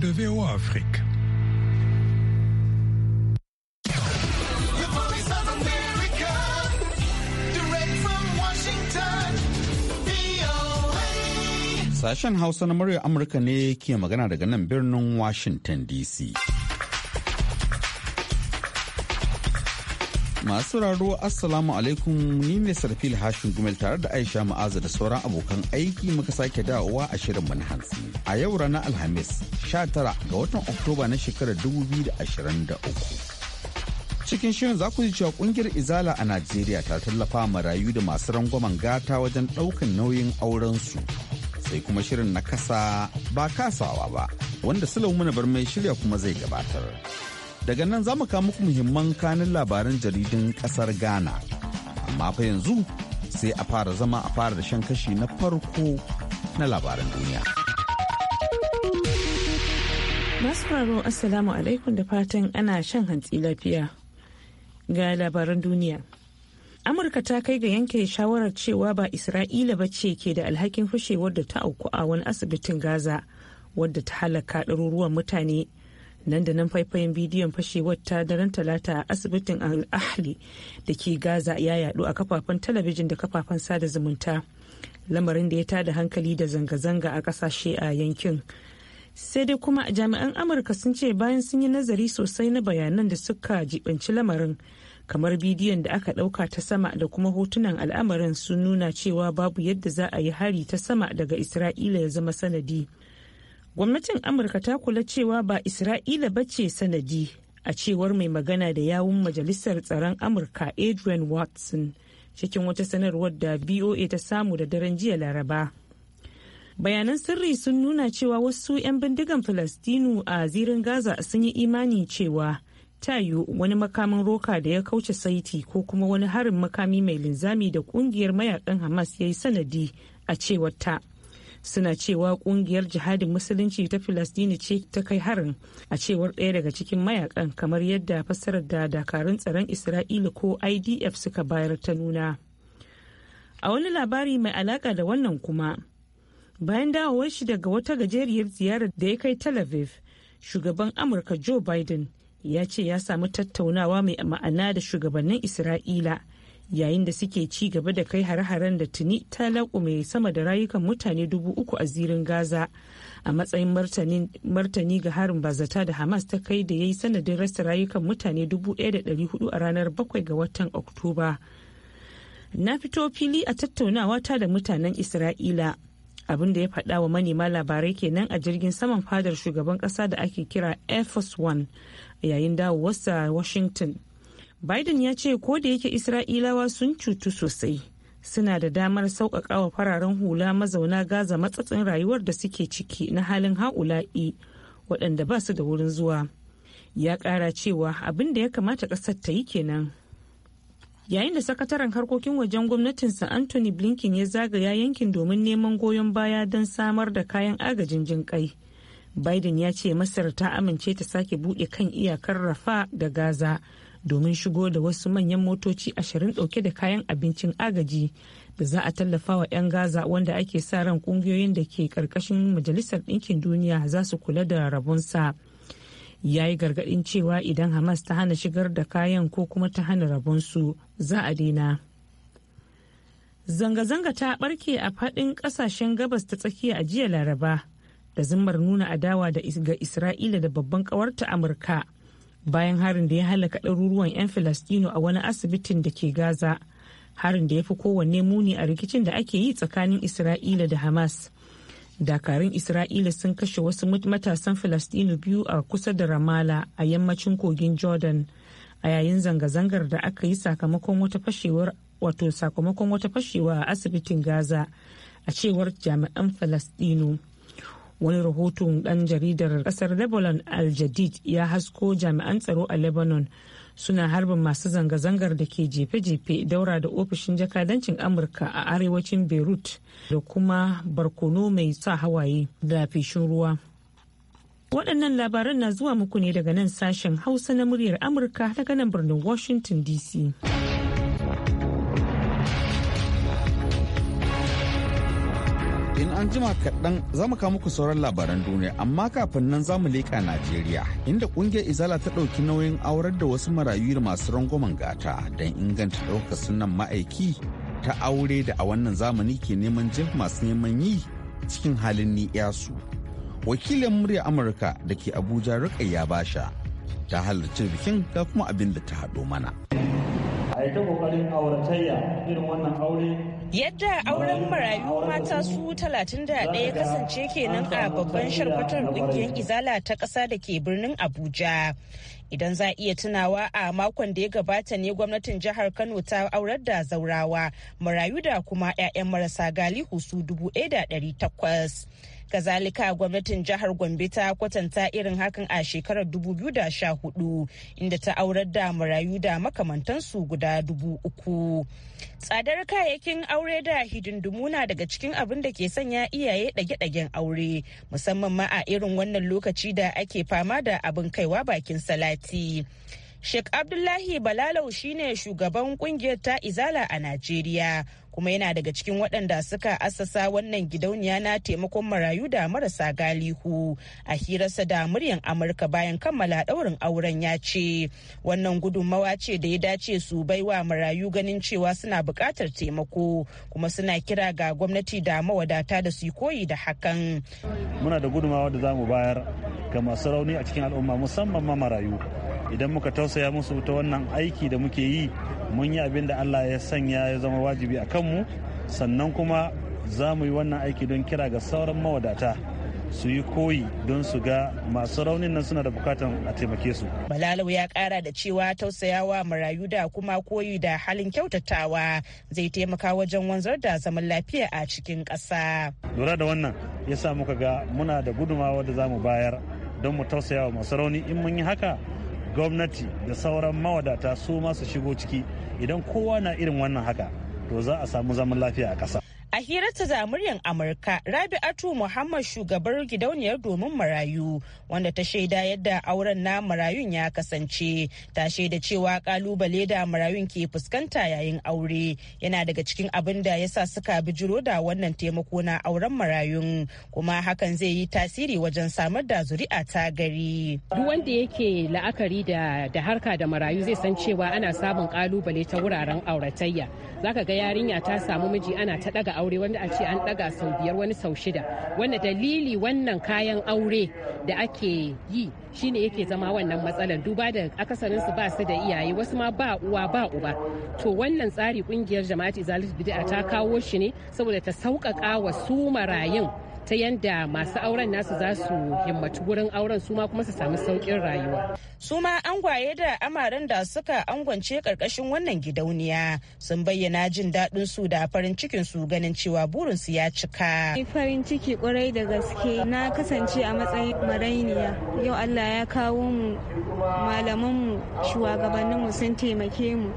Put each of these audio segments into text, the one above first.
de VO Afrique. Sashen Hausa na murya Amurka ne ke magana daga nan birnin Washington DC. Masu sauraro Assalamu alaikum ni ne Sarfil Hashin Gumel tare da Aisha Ma'aza da sauran abokan aiki muka sake dawowa a shirin na A yau ranar Alhamis 19 ga watan Oktoba na shekarar 2023. Cikin shirin za ku ji cewa kungiyar Izala a Najeriya ta tallafa marayu da masu rangwamen gata wajen daukan nauyin auren su Sai kuma shirin na kasa ba kasawa ba wanda Sulaimu bar mai shirya kuma zai gabatar. daga nan za mu kawo muku muhimman kanin labaran jaridun kasar ghana amma fa yanzu sai a fara zama a fara da shan kashi na farko na labaran duniya masu faro assalamu alaikum da fatan ana shan hantsi lafiya ga labaran duniya amurka ta kai ga yanke shawarar cewa ba isra'ila ba ce ke da alhakin fushewar da ta auku a wani asibitin gaza wadda ta halaka ɗaruruwan mutane nan da nan faifayen bidiyon fashewar ta daren talata a asibitin al-ahli da ke gaza ya yadu a kafafen talabijin da kafafen sada zumunta lamarin da ya tada hankali da zanga-zanga a kasashe a yankin sai dai kuma jami'an amurka sun ce bayan sun yi nazari sosai na bayanan da suka jibanci lamarin kamar bidiyon da aka ɗauka ta sama da kuma hotunan al'amarin sun nuna cewa babu yadda za a yi hari ta sama daga isra'ila ya zama sanadi gwamnatin amurka ta kula cewa ba isra'ila ba ce sanadi a cewar mai magana da yawun majalisar tsaron amurka adrian watson cikin wata sanarwar da voa ta samu da daren jiya laraba bayanan sirri sun nuna cewa wasu 'yan bindigan falastinu a zirin gaza sun yi imani cewa tayo wani makamin roka da ya kauce saiti ko kuma wani harin makami mai linzami da kungiyar mayakan hamas ya yi sanadi a cewar ta suna cewa kungiyar jihadin musulunci ta filastini ce ta kai harin a cewar ɗaya daga cikin mayakan kamar yadda fassarar da dakarun tsaron isra'ila ko idf suka bayar ta nuna a wani labari mai alaka da wannan kuma bayan dawowar shi daga wata gajeriyar ziyarar da ya kai tel aviv shugaban amurka joe biden ya ce ya samu tattaunawa mai ma'ana da shugabannin isra'ila yayin da suke ci gaba da kai hare-haren da tuni ta laƙume sama da rayukan mutane dubu uku a zirin gaza a matsayin martani ga harin bazata da hamas ta kai da ya yi sanadin rasa rayukan mutane dubu ɗaya da ɗari hudu a ranar bakwai ga watan oktoba na fito fili a tattaunawa ta da mutanen isra'ila abin da ya faɗa wa manema labarai kenan a jirgin saman fadar shugaban ƙasa da ake kira air force one yayin dawowarsa washington Biden ya ce ko da yake Isra'ilawa sun cutu sosai suna da damar wa fararen hula mazauna Gaza matsatsin rayuwar da suke ciki na halin ha'ula'i waɗanda ba su da wurin zuwa. Ya ƙara cewa abin da ya kamata ƙasar ta yi kenan. Yayin da sakataren harkokin wajen gwamnatinsa Anthony Blinken ya zagaya yankin domin neman goyon baya don samar da kayan agajin jinƙai. Biden ya ce Masar ta amince ta sake buɗe kan iyakar Rafa da Gaza. domin shigo da wasu manyan motoci ashirin ɗauke da kayan abincin agaji da za a tallafa wa 'yan gaza wanda ake sa ran kungiyoyin da ke ƙarƙashin majalisar ɗinkin duniya za su kula da rabonsa ya yi gargaɗin cewa idan hamas ta hana shigar da kayan ko kuma ta hana rabonsu za a daina zanga-zanga ta ɓarke a faɗin ƙasashen gabas ta tsakiya a jiya laraba da zimmar nuna adawa da ga isra'ila da babban ƙawarta amurka bayan harin da ya halaka ɗaruruwan 'yan filastino a wani asibitin da ke gaza harin da ya fi kowanne muni a rikicin da ake yi tsakanin isra'ila da hamas dakarun isra'ila sun kashe wasu matasan filastino biyu a kusa da ramala a yammacin kogin jordan a yayin zanga-zangar da aka yi sakamakon wata fashewar wato sakamakon wata fashewa a asibitin gaza a cewar jami'an filastino wani rahoton ɗan jaridar ƙasar lebanon aljadid ya hasko jami'an tsaro a lebanon suna harbin masu zanga-zangar da ke jefe-jefe daura da ofishin jakadancin amurka a arewacin beirut da kuma barkono mai sa hawaye da fishin ruwa waɗannan labaran na zuwa muku ne daga nan sashen hausa na muryar amurka daga nan birnin washington dc an jima kaɗan za mu kawo muku sauran labaran duniya amma kafin nan za mu leƙa Najeriya inda ƙungiyar Izala ta ɗauki nauyin aurar da wasu marayu da masu rangwamen gata don inganta ɗaukar sunan ma'aiki ta aure da a wannan zamani ke neman jin masu neman yi cikin halin ni'yasu. Wakilin murya Amurka da ke Abuja Rukayya Basha ta halarci bikin ga kuma abin da ta haɗo mana. Yadda auren marayu mata su 31 kasance kenan a babban sharkwatar kungiyar Izala ta ƙasa da ke birnin Abuja. Idan za iya tunawa a makon da ya gabata ne gwamnatin jihar Kano ta aurar da zaurawa marayu da kuma 'ya'yan marasa galihu su 1,800. Kazalika gwamnatin jihar Gombe ta kwatanta irin hakan a shekarar 2014 inda ta aurar da marayu da makamantansu guda dubu uku. Tsadar kayayyakin aure da hidindimu na daga cikin abin da ke sanya iyaye ɗage-ɗagen aure musamman ma a irin wannan lokaci da ake fama da abin kaiwa bakin salati. Sheikh Abdullahi Balalau shine shugaban kungiyar ta Izala a Najeriya kuma yana daga cikin waɗanda suka assasa wannan gidauniya na taimakon marayu da marasa galihu a hirarsa da muryan amurka bayan kammala ɗaurin auren ya ce wannan gudunmawa ce da ya dace su baiwa marayu ganin cewa suna buƙatar taimako kuma suna kira ga gwamnati da mawadata da su koyi da hakan muna da gudunmawa da za mu bayar ga masu rauni a cikin al'umma musamman ma marayu idan muka tausaya musu ta wannan aiki da muke yi mun yi abin da allah ya sanya ya zama wajibi a kanmu sannan kuma za mu yi wannan aiki don kira ga sauran mawadata su yi koyi don su ga masu raunin nan suna da bukatan a taimake su. Balalau ya kara da cewa tausayawa marayu da kuma koyi da halin kyautatawa zai taimaka wajen wanzar da zaman lafiya a cikin ƙasa. Lura da wannan ya sa muka ga muna da gudumawa da za mu bayar don mu tausayawa masu rauni in mun yi haka gwamnati da sauran mawadata su ma su shigo ciki idan kowa na irin wannan haka to za a samu zaman lafiya a ƙasa. A hirar da amurka Amurka, atu Muhammad shugabar gidauniyar domin marayu wanda ta shaida yadda auren na marayun ya kasance. Ta shaida cewa kalubale da marayun ke fuskanta yayin aure yana daga cikin abin da ya sa suka bijiro da wannan taimako na auren marayun kuma hakan zai yi tasiri wajen samar da zuri'a ta gari. Duk wanda yake la'akari da, da harka da marayu zai san cewa ana samun kalubale ta wuraren auratayya. Zaka ga yarinya ta samu miji ana ta daga aure wanda a ce an ɗaga sau biyar wani sau shida wanda dalili wannan kayan aure da ake yi shine yake zama wannan matsalar duba da akasarin su ba su da iyaye wasu ma ba uwa ba uba to wannan tsari kungiyar ta zalif bid'a ta kawo shi ne saboda ta sauƙaƙa wa su marayun ta yadda masu auren nasu za su himmatu wurin auren su ma kuma su samu saukin rayuwa. suma ma angwaye da amaren da suka angwance karkashin wannan gidauniya sun bayyana jin daɗin su da farin cikin su ganin cewa burin su ya cika. farin ciki kwarai da gaske na kasance a matsayin marainiya yau Allah ya kawo mu malaman mu shugabannin mu sun taimake mu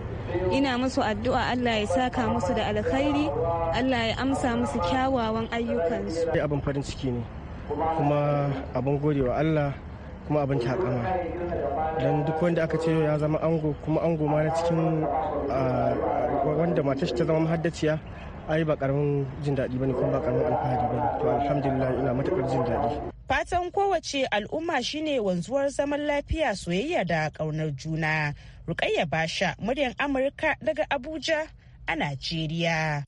ina musu addu'a Allah ya saka musu da alkhairi Allah ya amsa musu kyawawan ayyukansu abin farin ciki ne kuma abin godewa Allah kuma abin takama don duk wanda aka ce ya zama ango kuma ango ma na cikin wanda mace ta zama mahaddaciya ai ba karamin jin daɗi bane kuma ba karamin alfahari bane to alhamdulillah ina matakar jin daɗi fatan kowace al'umma shine wanzuwar zaman lafiya soyayya da ƙaunar juna Rukayya Basha muryar Amurka daga Abuja a Najeriya.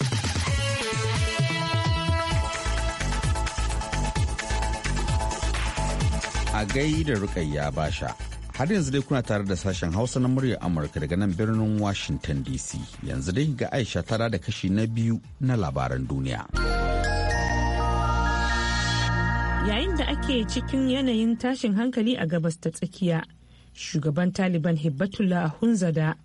A gai da Rukayya Basha. Har yanzu dai kuna tare da sashen Hausa na muryar Amurka daga nan birnin Washington DC. Yanzu dai ga Aisha tara da kashi na biyu na labaran duniya. Yayin da ake cikin yanayin tashin hankali a gabas ta tsakiya, shugaban taliban hibbatullah hunzada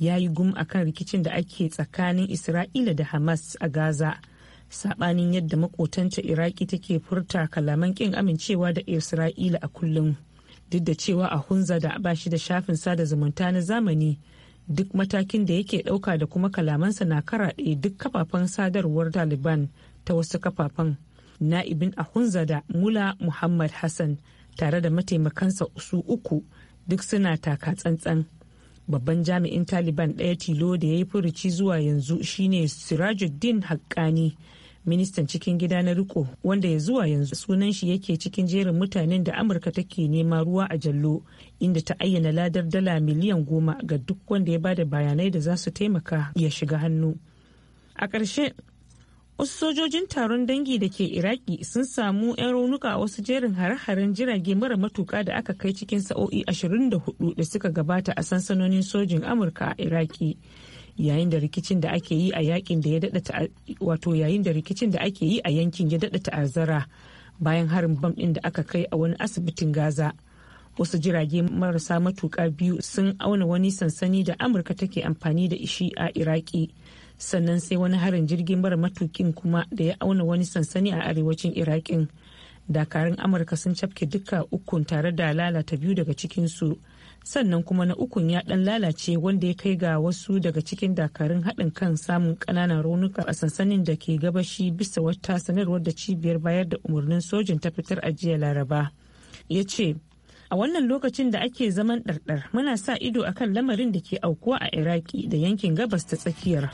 ya yi gum kan rikicin da ake tsakanin isra'ila da hamas a gaza sabanin yadda makotanta iraki take furta kalaman kin amincewa da isra'ila a kullum duk da cewa a hunza ba shi da shafin sada zumunta na zamani duk matakin da yake dauka da kuma kalamansa na karaɗe duk kafafen sadarwar taliban ta wasu kafafen na'ibin a hunza mula muhammad hassan tare da mataimakansa su uku duk suna taka tsantsan babban jami'in taliban ɗaya tilo da ya yi furuci zuwa yanzu shine sirajuddin haƙƙani ministan cikin gida na riko wanda ya zuwa yanzu sunan shi yake cikin jerin mutanen da amurka take nema ruwa a jallo inda ta ayyana ladar dala miliyan goma ga duk wanda ya bada bayanai da za su taimaka ya shiga hannu a ƙarshe wasu sojojin taron dangi da ke iraki sun samu 'yan raunuka a wasu jerin hare-haren jirage mara matuka da aka kai cikin sa'o'i 24 da suka gabata a sansanonin sojin amurka a iraki yayin da rikicin da ake yi a yakin da ya dada wato yayin da rikicin da ake yi a yankin ya dada ta'azzara bayan harin bam din da aka kai a wani asibitin gaza wasu jirage marasa matuka biyu sun auna wani sansani da amurka take amfani da ishi a iraki sannan sai wani harin jirgin mara matukin kuma da ya auna wani sansani a arewacin irakin dakarun amurka sun cafke duka ukun tare da lalata biyu daga cikinsu sannan kuma na ukun ya dan lalace wanda ya kai ga wasu daga cikin dakarun haɗin kan samun ƙananan raunuka a sansanin da ke gabashi bisa wata sanarwar da cibiyar bayar da umarnin sojin ta fitar a jiya laraba ya ce a wannan lokacin da ake zaman ɗarɗar muna sa ido akan lamarin da ke aukuwa a iraki da yankin gabas ta tsakiyar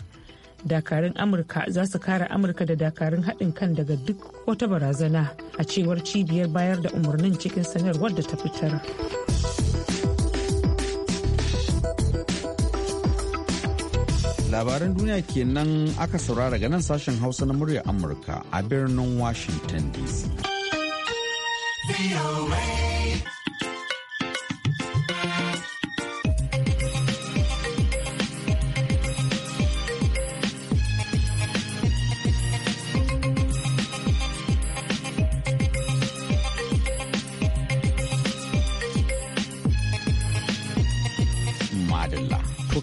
dakarun amurka za su kare amurka da dakarun haɗin kan daga duk wata barazana a cewar cibiyar bayar da umarnin cikin sanarwar da ta fitar labaran duniya kenan aka saurara daga nan sashen hausa na murya amurka a birnin washington dc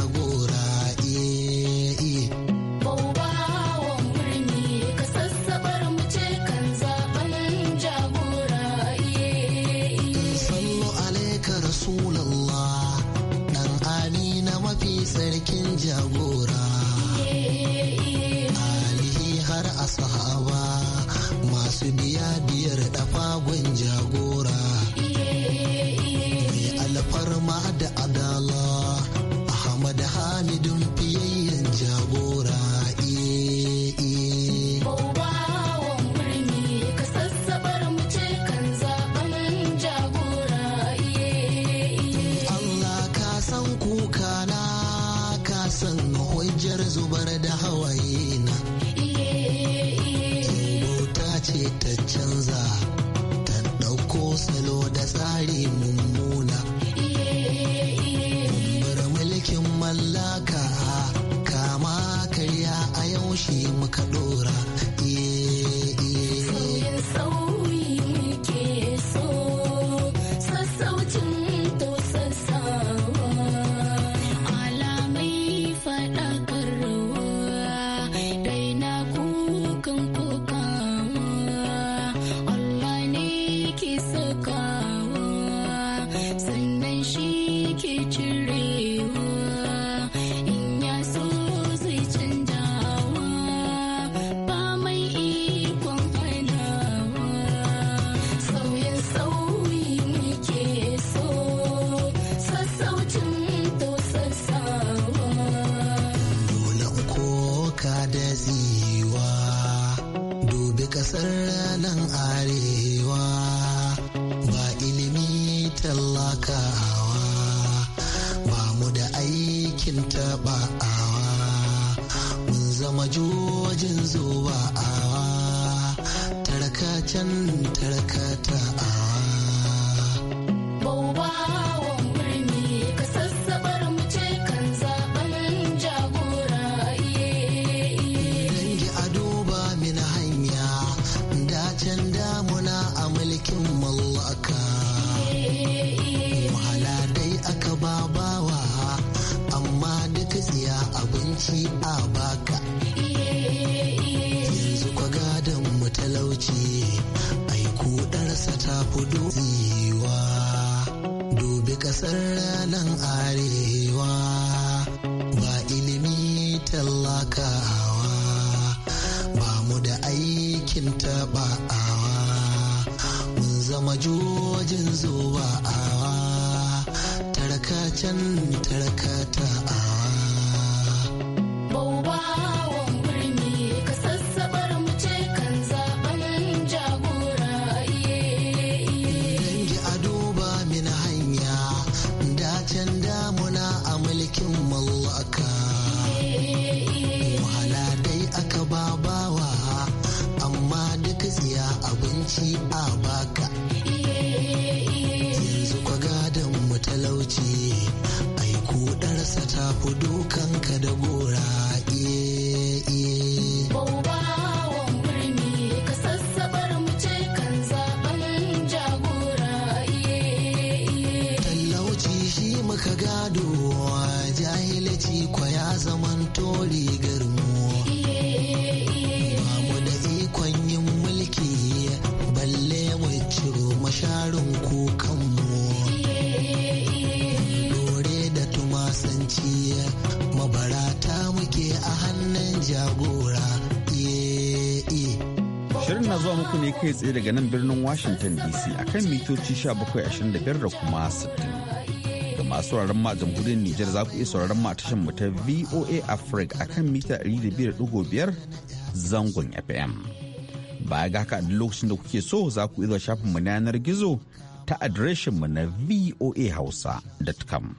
Santiago. salo da tsari mu kasar nan are zuwa awa tarkacen tarkata awa muka gado jahilci kwa ya zaman tori garmu mu da ikon yin mulki balle mu ciro masharin kukanmu dore da tumasanci mabarata muke a hannun jagora Shirin na zuwa muku ne kai tsaye daga nan birnin Washington DC akan mitoci 1725 da kuma 60. masu sauraron ma jamhuriyar Nijar za ku iya sauraron ma tashar mu ta VOA Africa kan mita 200.5 zangon FM. Baya ga haka a lokacin da kuke so za ku iya shafin mu na yanar gizo ta adireshin mu na voahausa.com.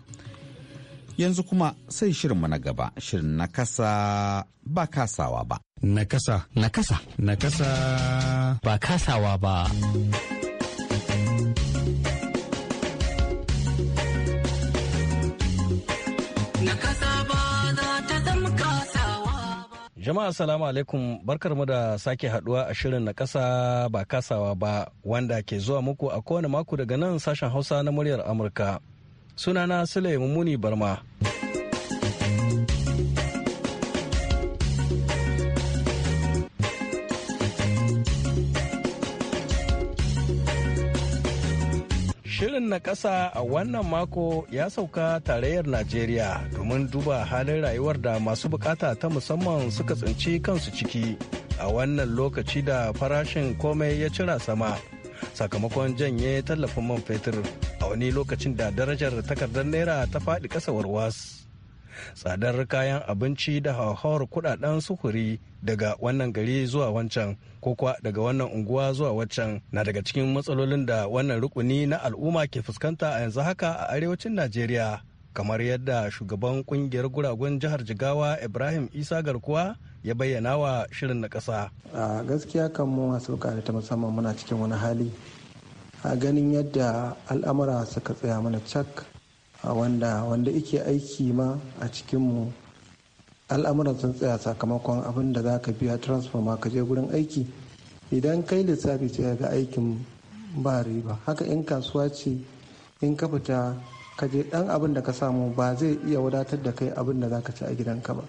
Yanzu kuma sai shirinmu na gaba, shirin na kasa ba kasawa ba. Na kasa. Na kasa. Na kasa. Ba kasawa ba. Jama'a salamu alaikum barkarmu da sake haduwa a shirin na kasa ba kasawa ba wanda ke zuwa muku a kowane mako daga nan sashen Hausa na muryar Amurka. Sunana Sule Muni Barma. na ƙasa a wannan mako ya sauka tarayyar Najeriya domin duba halin rayuwar da masu bukata ta musamman suka tsinci kansu ciki a wannan lokaci da farashin komai ya cira sama sakamakon janye tallafin man fetur a wani lokacin da darajar takardar naira ta faɗi ƙasa warwas. tsadar kayan abinci da hauhawar kudaden sufuri daga wannan gari zuwa wancan ko kuwa daga wannan unguwa zuwa wancan na daga cikin matsalolin da wannan rukuni na al'umma ke fuskanta a yanzu haka a arewacin najeriya kamar yadda shugaban kungiyar guragun jihar jigawa ibrahim isa garkuwa ya bayyana wa shirin na ƙasa. a gaskiya kan mu da ta musamman muna cikin wani hali a ganin yadda al'amura suka tsaya mana cak wanda wanda ike aiki ma a cikinmu al'amuran sun tsaya sakamakon abin da za ka biya transfer ma ka je gurin aiki idan kai lissafi ce ga aikin ba riba haka in kasuwa ce in ka fita ka je dan abin da ka samu ba zai iya wadatar da kai abin da za ka ci a gidanka ba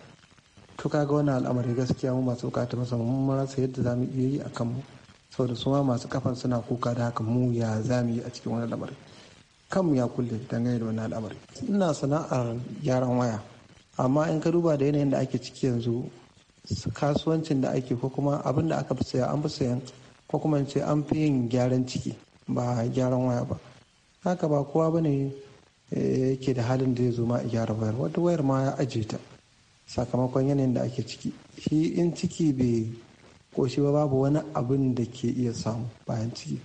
to kaga wannan al'amari gaskiya mu masu bukata musamman mun yadda za mu iya yi a kanmu saboda su ma masu kafan suna kuka da haka mu ya za mu yi a cikin wani lamarin kanmu ya kulle dangane da wani al'amari ina sana'ar gyaran waya amma in ka duba da yanayin da ake ciki yanzu kasuwancin da ake ko kuma abin da aka fi saya an fi sayan ko kuma ce an fi yin gyaran ciki ba gyaran waya ba haka ba kowa ba ne yake eh, da halin da ya zo ma a gyara wayar wata wayar ma ya ajiye ta sakamakon yanayin da ake ciki shi in ciki bai koshi ba babu wani abin da ke iya samu bayan ciki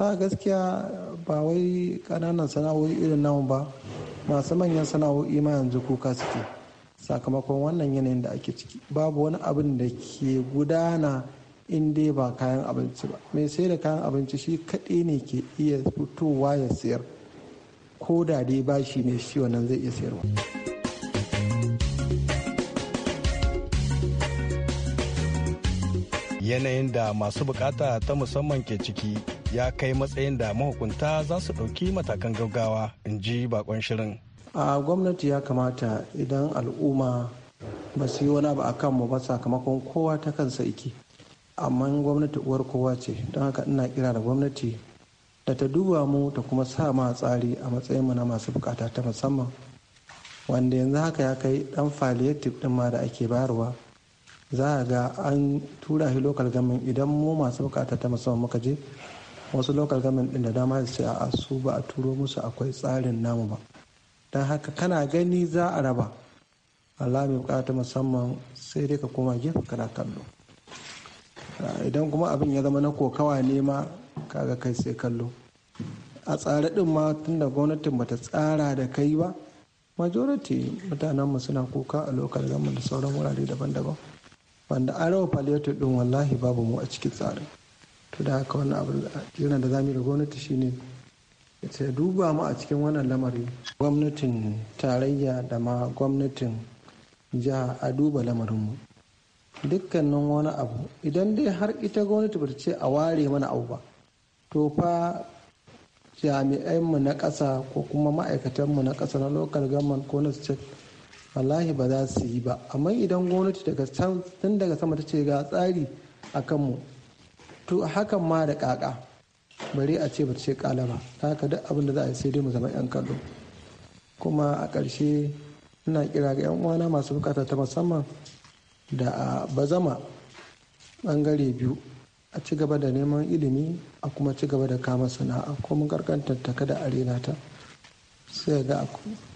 a gaskiya ba wai kananan sana'o'i irin nan ba masu manyan sana'o'i ma yanzu kuka suke sakamakon wannan yanayin da ake ciki babu wani abin da ke gudana in dai ba kayan abinci ba mai sai da kayan abinci shi kaɗai ne ke iya fitowa ya sayar ko da dai ba shi ne shi wannan zai iya sayarwa yanayin da masu bukata ta musamman ke ciki ya kai matsayin da mahukunta za su ɗauki matakan gaggawa in ji bakon shirin a gwamnati ya kamata idan al'umma ba su yi wani abu a kanmu ba sakamakon kowa ta kansa iki amma gwamnati uwar kowa ce don haka ina kira da gwamnati da ta duba mu ta kuma sa ma tsari a matsayin mu na masu bukata ta musamman wanda yanzu haka ya kai dan faliyatif din ma da ake bayarwa za a ga an tura shi lokal gamin idan mu masu bukata ta musamman muka je wasu local government din da dama su a su ba a turo musu akwai tsarin namu ba don haka kana gani za a raba Allah mai bukata musamman sai dai ka koma gefe kana kallo idan kuma abin ya zama na kokawa ne ma kaga kai sai kallo a tsare din ma tunda gwamnatin bata tsara da kai ba majority mutanenmu suna kuka a lokal gama da sauran wurare daban-daban wanda an raba palliative din wallahi babu mu a cikin tsarin to da haka wannan abu kiran da za mu da gwamnati shine ta duba mu a cikin wannan lamari gwamnatin tarayya da ma gwamnatin jiha a duba lamarinmu dukkanin wani abu idan dai har ita gwamnati ba ta ce a ware mana abu ba to fa jami'anmu na ƙasa ko kuma ma'aikatanmu na ƙasa na local government ko na state wallahi ba za su yi ba amma idan gwamnati daga tun daga sama ta ce ga tsari a kanmu to hakan ma da kaka bari a ce ba ce kala ba haka duk abin da za a yi sai dai mu zama yan kallo kuma a ƙarshe ina kira ga 'yan uwana masu bukata ta musamman da a bazama bangare biyu a ci gaba da neman ilimi a kuma ci gaba da kama sana'a ko mun karkantar ta kada arena ta sai ga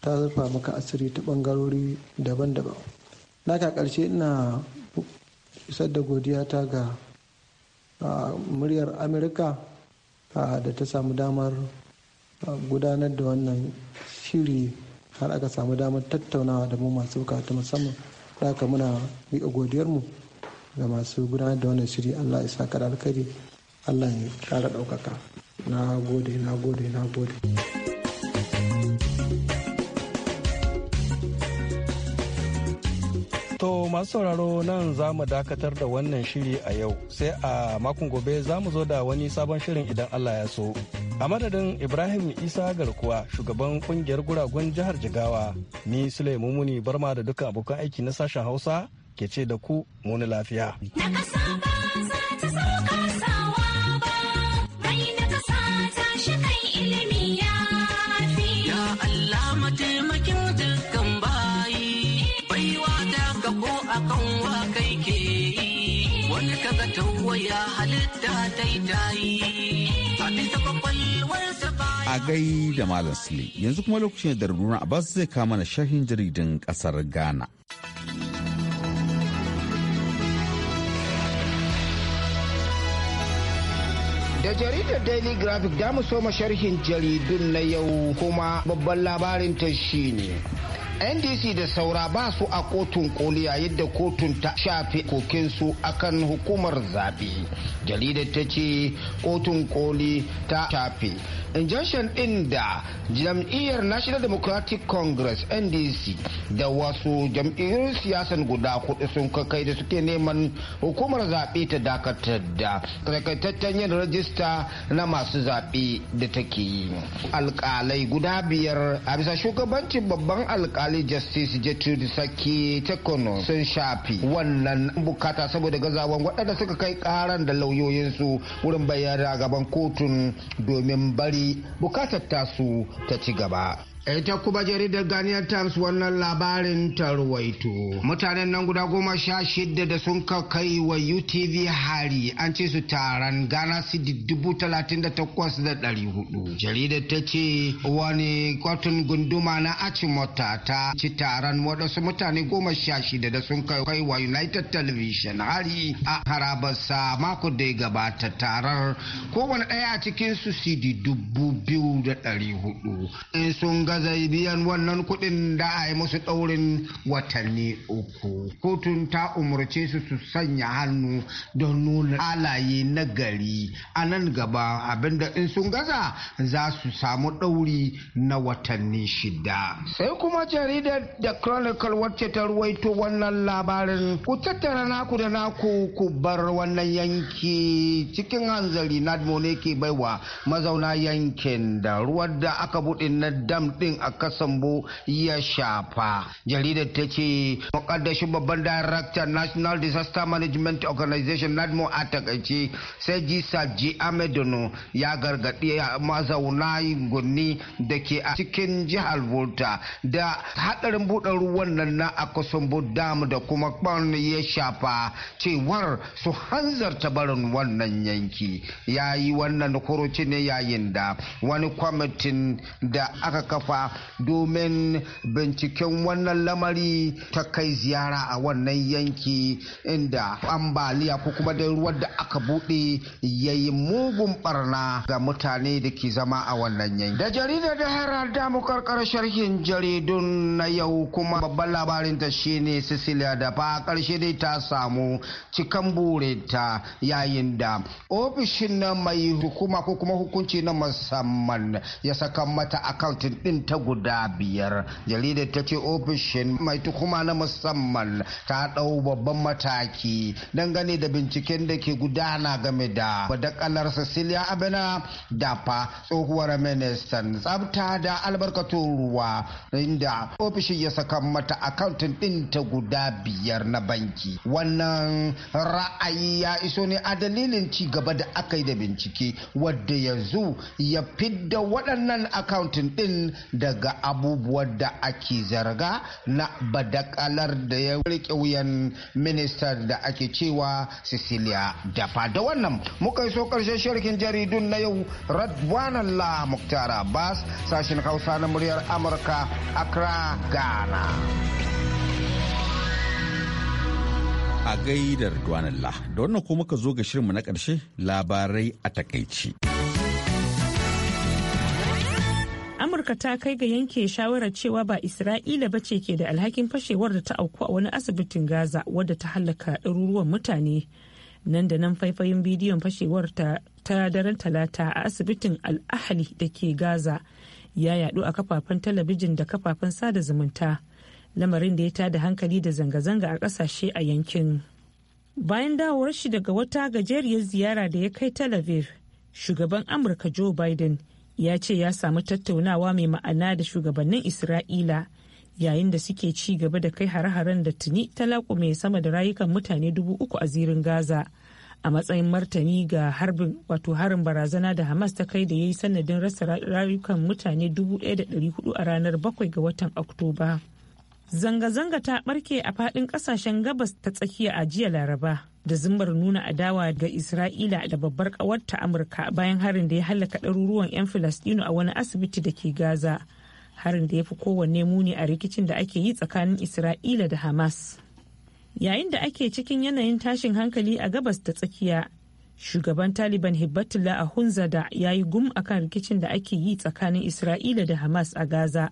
ta zurfa maka asiri ta bangarori daban-daban ka ƙarshe ina isar da godiya ta ga muryar amurka da ta samu damar gudanar da wannan shiri har aka samu damar tattaunawa da mu masu bukata musamman da aka muna miƙa godiyarmu ga masu gudanar da wannan shiri allah ya kada alkari allah ya kara ɗaukaka na gode na gode na gode masu sauraro nan za mu dakatar da wannan shiri a yau sai a makon gobe za mu zo da wani sabon shirin idan Allah ya so. A madadin Ibrahim Isa garkuwa shugaban kungiyar guragun jihar Jigawa ni Sulaimu Muni barma da duka abokan aiki na sashen Hausa ke ce da ku muni lafiya. akan yi wani tawaya halitta a gai da malam sule yanzu kuma lokacin da a basu zai kama na shahin jaridin kasar ghana Da jaridar Daily Graphic da mu soma sharhin jaridun na yau kuma babban labarin ta shine ndc da saura ba su a kotun koli yayin da kotun ta shafe kokinsu akan hukumar zaɓe jaridar ta ce kotun koli ta shafe injunction ɗin da jam'iyyar national democratic congress ndc da wasu jam'iyyar siyasan guda kudu sun kai da suke neman hukumar zaɓe ta dakatar da takaitaccen yin rajista na masu zaɓe da take yi alƙalai guda biyar a bisa shugabancin babban alƙalai Ali justice Gertrude Saki Tekono sun shafi wannan bukata saboda gazawan waɗanda suka kai karan da lauyoyinsu wurin bayyana gaban kotun domin bari bukatar tasu ta ci gaba. ita kuma jaridar Ghanaian Times wannan labarin ta ruwaito. Mutanen nan guda goma sha shida da sun kai wa UTV hari an ce su taron Ghana City dubu talatin da takwas da dari hudu. Jaridar ta ce wani kwatun gunduma na Achimota ta ci taron waɗansu mutane goma sha shida da sun kai wa United Television hari a harabarsa mako da ya gabata tarar kowane ɗaya a cikinsu CD dubu biyu da ɗari hudu. In sun gaza biyan wannan kudin da a yi musu ɗaurin watanni uku. Kotun ta umarce su su sanya hannu don nuna halaye na gari a nan gaba abinda in sun gaza za su samu ɗauri na watanni shida. Sai kuma jaridar da Chronicle wacce ta ruwaito wannan labarin ku tattara naku da naku ku bar wannan yanki cikin hanzari Nadmo ne ke baiwa mazauna yankin da ruwan da aka buɗe na dam din a kasambo ya shafa jaridar ta ce makaddashin babban darakta national disaster management organization nadmo a takaice sai jisa ji amedono ya gargaɗi mazauna gunni da ke a cikin jihar volta da haɗarin buɗe ruwan nan na akasambo dam da kuma kwan ya shafa cewar su hanzarta barin wannan yanki ya yi wannan kuruci ne yayin da wani kwamitin da aka kafa kafa domin binciken wannan lamari ta kai ziyara a wannan yanki inda ambaliya ko kuma da ruwan da aka buɗe ya yi mugun barna ga mutane da ke zama a wannan yanki. Da jaridar da Herald damu karkar sharhin jaridun na yau kuma babban labarin ta ne Cecilia da fa karshe dai ta samu cikan burinta yayin da ofishin na mai hukuma ko kuma hukunci na musamman ya saka mata akaunti din ta guda biyar jaridar ta ce ofishin mai tuhuma na musamman ta ɗau babban mataki dangane da binciken da ke gudana game da badakalar cecilia abena dafa tsohuwar ministan tsabta da albarkatun ruwa inda ofishin ya saka mata akauntin ɗin ta guda biyar na banki wannan ra'ayi ya iso ne a dalilin ci gaba da aka yi da bincike wadda yanzu ya fidda waɗannan akauntin ɗin daga abubuwan da ake zarga na badakalar da ya rike wuyan ministan da ake cewa cecilia dafa da wannan muka so karshen shirkin jaridun na yau radwanan la muktar abbas sashen hausa na muryar amurka accra ghana a gaidar da wannan ko muka zo ga shirinmu na ƙarshe labarai a takaici. amurka ta kai ga yanke shawarar cewa ba isra'ila ba ce ke da alhakin fashewar da ta auku a wani asibitin gaza wadda ta hallaka ɗaruruwan mutane nan da nan faifayin bidiyon fashewar ta daren talata a asibitin al'ahali da ke gaza ya yadu a kafafen talabijin da kafafen sada zumunta lamarin da ya tada hankali da zanga-zanga a ƙasashe a yankin bayan dawowar shi daga wata gajeriyar ziyara da ya kai tel shugaban amurka joe biden ya ce ya samu tattaunawa mai ma'ana da shugabannin isra'ila yayin da suke ci gaba da kai hare-haren da tuni talaku mai sama da rayukan mutane dubu uku a zirin gaza a matsayin martani ga harbin wato harin barazana da hamas ta kai da ya yi sanadin rasa rayukan mutane dubu ɗaya da ɗari hudu a ranar bakwai ga watan oktoba zanga-zanga ta ɓarke a faɗin ƙasashen gabas ta tsakiya a jiya laraba da zimmar nuna adawa ga Isra'ila da babbar ƙawarta Amurka bayan harin da ya hallaka ɗaruruwan 'yan Filistinu a wani asibiti da ke Gaza. Harin da ya fi kowanne muni a rikicin da ake yi tsakanin Isra'ila da Hamas. Yayin da ake cikin yanayin tashin hankali a gabas da tsakiya, shugaban Taliban Hibbatullah hunzada ya yi gum a kan rikicin da ake yi tsakanin Isra'ila da Hamas a Gaza.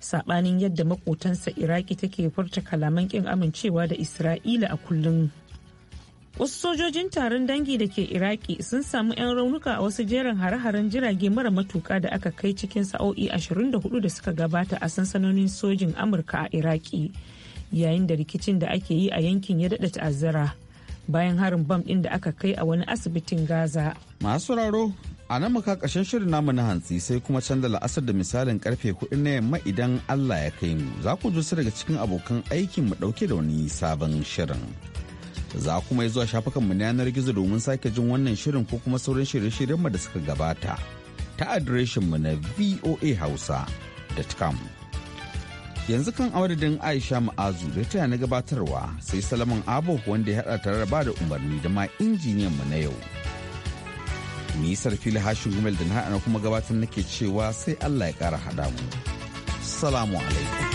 Saɓanin yadda makotansa Iraki take furta kalaman ƙin amincewa da Isra'ila a kullum. wasu sojojin taron dangi da ke iraki sun samu 'yan raunuka a wasu jerin hare-haren jirage mara matuka da aka kai cikin sa'o'i 24 da suka gabata a sansanonin sojin amurka a iraki yayin da rikicin da ake yi a yankin ya daɗa ta'azzara bayan harin bam ɗin da aka kai a wani asibitin gaza masu raro a nan muka ƙarshen shirin namu na hantsi sai kuma canza la'asar da misalin karfe kuɗi na yamma idan allah ya kai mu za ku ji daga cikin abokan aikin mu ɗauke da wani sabon shirin. za kuma zuwa shafukanmu na yanar gizo domin sake jin wannan shirin ko kuma sauran shirye-shiryenmu da suka gabata ta adireshinmu na voa voahausa.com yanzu kan awadadin aisha ma'azu da taya na gabatarwa sai salaman abo wanda ya haɗa tare ba da umarni da ma mu na yau nisar fili hashin gumel da na kuma gabatar nake cewa sai allah ya kara haɗa mu salamu alaikum